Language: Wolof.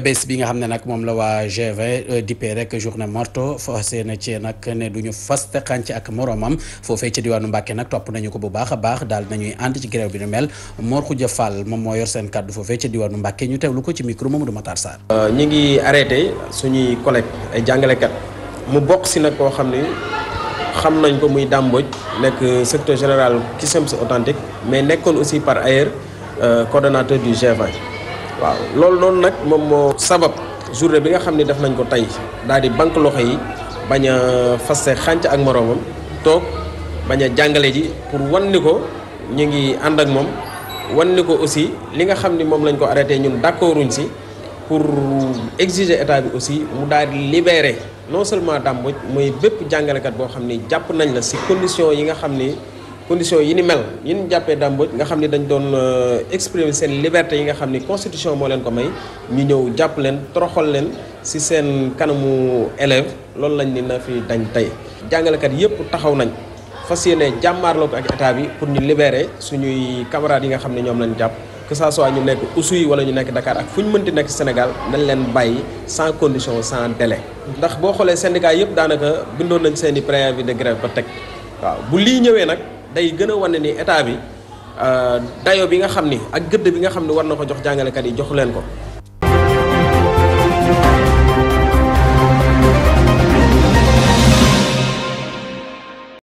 bés bi nga xam ne nag moom la waa G20 euh, dippee rek journée morte fa seena cee nag ne du ñu faste xànc ak moromam foofee ca diwaanu Mbàkke nag topp nañu ko bu baax a baax daal nañuy ànd ci grève bi nu mel Mor Khoudia Fall moom moo yor seen kàddu foofee ca diwaanu Mbàkke ñu teewlu ko ci micro Mamadou Matar Sarr euh, ñi ngi arrêté suñuy collègue ay jàngalekat mu bokk si nag koo xam ne xam nañ ko muy dàmboj nekk secrétaire général CUSEMS authentique mais nekkoon aussi par ailleurs euh, coordonnateur du G20 waaw loolu noonu nag moom moo sabab journée bi nga xam ne def nañ ko tey daal di banque loxo yi bañ a fase xànc ak moroomam toog bañ jàngale ji pour wan ni ko ñu ngi ànd ak moom wan ni ko aussi li nga xam ni moom lañ ko arrêté ñun d'accorduñ si pour exiger état bi aussi mu daal di libérer non seulement Dame Mbodj mooy bépp jàngalekat boo xam ni jàpp nañ la si condition yi nga xam ni condition yi ni mel yi ñu jàppee Dame Mbodj nga xam ni dañ doon euh, exprimer seen liberté yi nga xam ni constitution moo leen ko may ñu ñëw jàpp leen toroxal leen ci seen kanamu élève loolu lañ ni na fi dañ tey jàngalekat yépp taxaw nañ fas yéene jàmmaarloo ko ak état bi pour ñu libere suñuy camarades yi nga xam ne ñoom lañ jàpp que sa soit ñu nekk Oussouye wala ñu nekk Dakar ak fu ñu mënti nekk Sénégal nañ leen bàyyi sans condition sans délai. ndax boo xoolee syndicat yëpp daanaka bindoon nañ seen i préavis de grève ba teg day gën a wane ni état bi euh, dayo bi nga xam ni ak gëdd bi nga xam ni war na ko jox jàngalekat yi jox leen ko